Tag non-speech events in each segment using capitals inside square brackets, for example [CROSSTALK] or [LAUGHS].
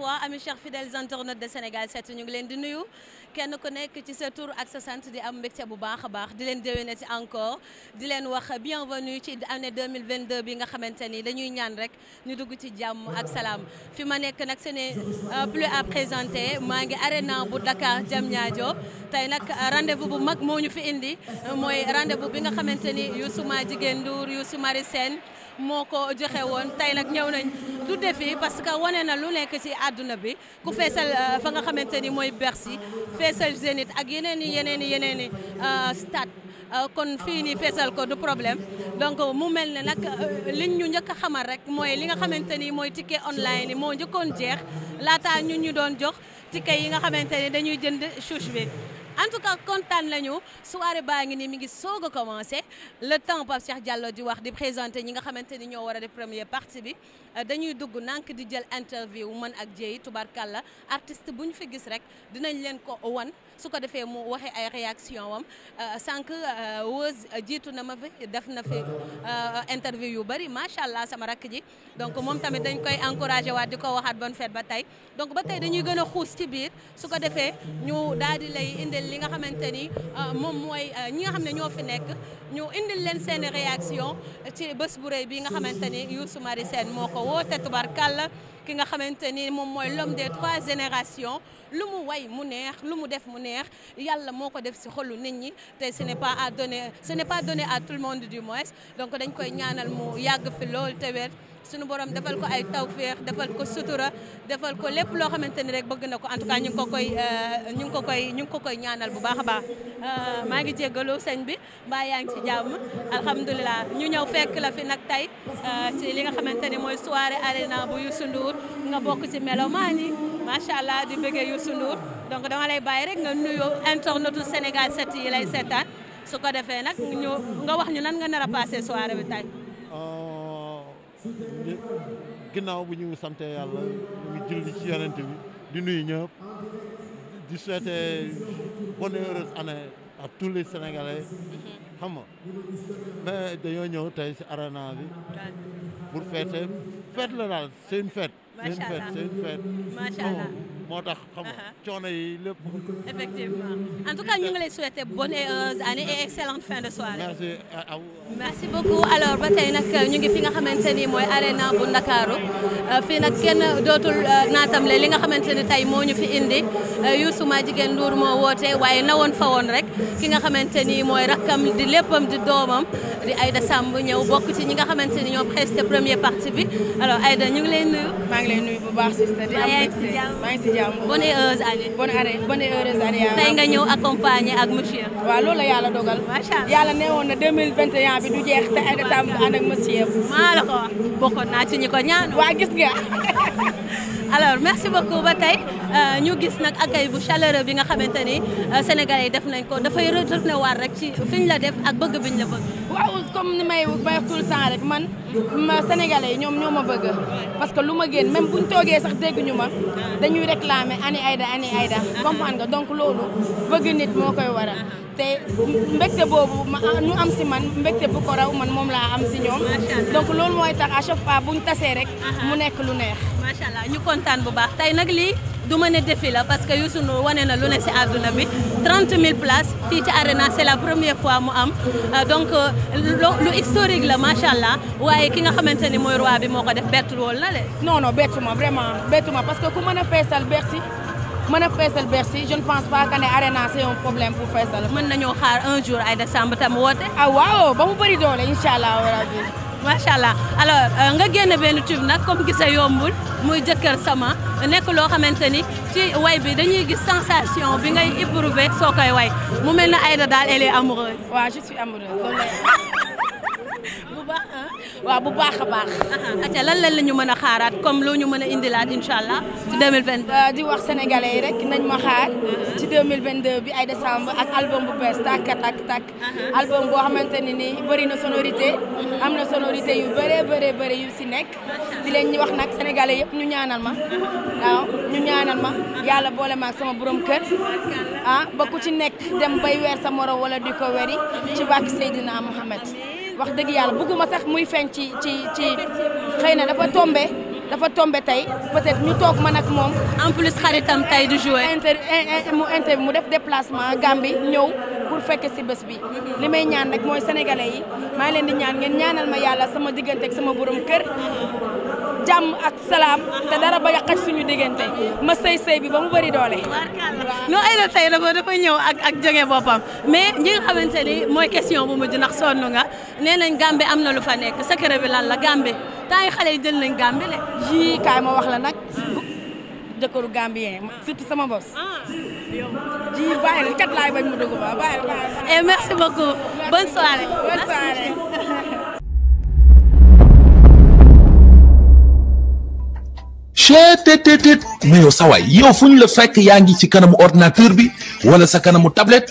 fois amis chers fidèles internautes de Sénégal set ñu ngi leen di nuyu kenn ku nekk ci sa tur ak sa sant di am mbégte bu baax a baax di leen déwénati encore di leen wax nuyu ci année 2022 bi nga xamante ni dañuy ñaan rek ñu dugg ci jàmm ak salaam fi ma nekk nag ce n'est euh, plus à présenter maa ngi arena bu Dakar Diamniadio tey nag rendez-vous bu mag moo ñu fi indi mooy rendez-vous bi nga xamante ni Youssou ma jigéen Ndour Youssou mari Sène moo ko joxewoon tey nag ñëw nañ du defi parce que wane na lu nekk ci àdduna bi ku feesal euh, fa nga xamante ni mooy Bercy feesal Zénith ak yeneen i yeneen i yeneen i euh, stade euh, kon fii nii feesal ko du problème donc mu mel ne nag li ñu njëkk xamal rek mooy li nga xamante ni mooy ticket online yi moo njëkkoon jeex laata ñu ñu doon jox ticket yi nga xamante ni dañuy jënd chouche bi en tout cas kontaan nañu soirée baa ngi nii mi ngi soog a commencé le temps Pape Cheikh Diallo di wax di présenté ñi nga xamante ni ñoo war a def première partie bi euh, dañuy dugg nank di jël interview man ak Dieye la artiste bu ñu fi gis rek dinañ leen ko wan su ko defee mu waxee ay réaction wam euh, sànq euh, Woz jiitu na ma fi def na fi interview yu bëri macha allah sama rakk ji donc moom tamit dañ koy encouragé waat di ko waxaat bonne fête ba tey donc ba tey dañuy su ko defee li nga xamante ni euh, moom mooy euh, ñi nga xam ne ñoo fi nekk ñu indil leen seen réaction ci bés bu rëy bi nga xamante ni Youssou Mari Sène moo ko woote tubarkàlla ki nga xamante moom mooy l'homme des trois générations lu mu way mu neex lu mu def mu neex yàlla moo ko def si xolu nit ñi te ce ne pas à donner ce n'est pas donné à tout le monde du mois donc dañ koy ñaanal mu yàgg fi lool te wér suñu borom defal ko ay tawféex defal ko sutura defal ko lépp loo xamante ni rek bëgg na ko en tout cas ñu ngi ko koy euh, ñu ngi ko koy ñu ngi ko koy ñaanal bu baax a baax euh, maa ngi jéggalu sëñ bi mbaa yaa ngi ci jàmm alhamdulilah ñu ñëw fekk la fi nag tey euh, ci li nga nga bokk ci melomaan yi macha allah di bëggee Youssou donc dama lay bàyyi rek nga nuyoo internetu Sénégal 7 yi lay seetaan su ko defee nag ñu nga wax ñu nan nga nar a passé soirée bi tey. Euh, ginnaaw bu ñu sante yàlla ñu julli ci yonent bi di nuyu ñëpp di souhaiter bonne heureuse année à tous les Sénégalais xam dañoo ñëw tey si arena bi pour fêter fête la daal c'est une macha allah c'est une fête macha allah moo tax xam nga uh-huh. coono yi lépp. effectivement en tout cas ñu ngi lay souhaiter bonne et heureuse année et excellente fin de soirée. merci à vous. merci beaucoup alors ba tey nag ñu ngi fi nga xamante ni mooy arena bu Ndakaaru euh, fii nag kenn dootul euh, naatamle li nga xamante ni tey moo ñu fi indi euh, Youssou Madjiguène Ndour moo woote waaye nawoon fa woon rek ki nga xamante ni mooy rakkam di léppam di doomam di Aïda Samb ñëw bokk ci ñi nga xamante ni ñoo presté première partie bi alors Aïda ñu ngi lay nuyu. lay nuyu bu baax. maa a si jàmm bonne et heureuse année. bonne année bonne et heureuse année. tey nga ñëw accompagner ak monsieur. waaw loolu la yàlla dogal. macha allah yàlla ne woon na 2021 bi du jeex te ay décembre ànd ak monsieur. maa la ko wax bokkoon naa ci ñi ko ñaan. gis nga. [LAUGHS] alors merci beaucoup ba tey euh, ñu gis nag accueil bu chaleureux bi nga xamante ni euh, sénégalais yi def nañ ko dafay retourné waar rek ci fi ñu la def ak bëgg bi ñu la bëgg. waaw comme ni may may tout le temps rek man ma sénégalais yi ñoom ñoo ma bëgg parce que lu ma génn même buñ toogee sax dégguñu ma dañuy réclamer ani ayda ani ayda comprendre nga donc loolu bëgg nit moo koy waral. te mbégte boobu ah, nu am si man mbégte bu ko raw man moom laa am si ñoom donc loolu mooy tax à chaque fois buñ tasee rek mu nekk lu neex macha allah ñu kontaan bu baax tey nag lii du ma ne défi la parce que Youssou Ndour wanee na lu ne si àdduna bi 30 000 places fii ci arena c'est la première fois mu am euh, donc euh, lu historique la macha allah waaye ki nga xamante ni mooy roi bi moo ko def bettu woon na le non non bettu ma vraiment bettu ma parce que ku mën a feesal Bercy mën a feesal Bercy je ne pense pas que ne Arena c'est un problème pour feesal. mën nañoo xaar un jour Aïda Samb tam woote. ah ba mu bëri doole incha allah rabi. macha allah alors euh, nga génn benn tube nag comme gisa yombul muy jëkkër sama nekk loo xamante ni ci way bi dañuy gis sensation bi ngay éprouver soo koy way mu mel ne Aïda daal elle est amoureuse. waaw je suis [LAUGHS] waa ah? waaw bu baax a baax. acca lan lan la ñu mën a xaaraat comme loo ñu mën a indilaat incha allah ci 2022. Euh, di wax sénégalais yi rek nañ ma xaar. ci 2022 bi ay décembre ak album bu bees tàkk tàkk tàkk. album boo xamante ne nii bëri na sonorité. Mhm. am na sonorité yu bëree bëree bëri yu si nekk. di leen ñu wax nag sénégalais yëpp ñu ñaanal ma. Mhm. waaw ñu ñaanal ma. yàlla boole ma sama borom kër. ah ba ku ci nekk dem bay weer sa moroom wala di ko weri ci bàkk Seydina Mohamed. wax dëgg yàlla bëgguma sax muy feeñ ci ci ci xëy na dafa tombe dafa tombe tey peut-être ñu toog ma ak moom. en plus xaritam tey du jouer. inter mu inter mu def déplacement Gambie ñëw pour fekke si bés bi li may ñaan nag mooy sénégalais yi maa leen di ñaan ngeen ñaanal ma yàlla sama diggante ak sama borom kër. jàmm ak salaam te dara ba yàqaj suñu diggante ma sëy sëy bi ba mu bëri doole. non ay la tey dafa dafa ñëw ak ak jóge boppam mais ñi nga xamante ni mooy question bu mujj ndax sonn nga nee nañ Gambie am na lu fa nekk secret bi lan la Gambie temps yi xale yi jël nañ Gambie le jii kaay ma wax la nag jëkkëru Gambien surtout sama bos. Ah. ji bàyyi la kat laay bañ mu dugg ba bàyyi la. Eh, merci beaucoup tët tët tët yow sa yow fu ñu la fekk yaa ngi ci kanamu ordinateur bi wala sa kanamu tablette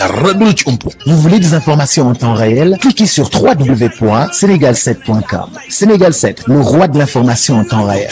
dara du la ci ump vous voulez des informations en temps réel cliquez sur www.senegal7.com Sénégal 7 le roi de l'information en temps réel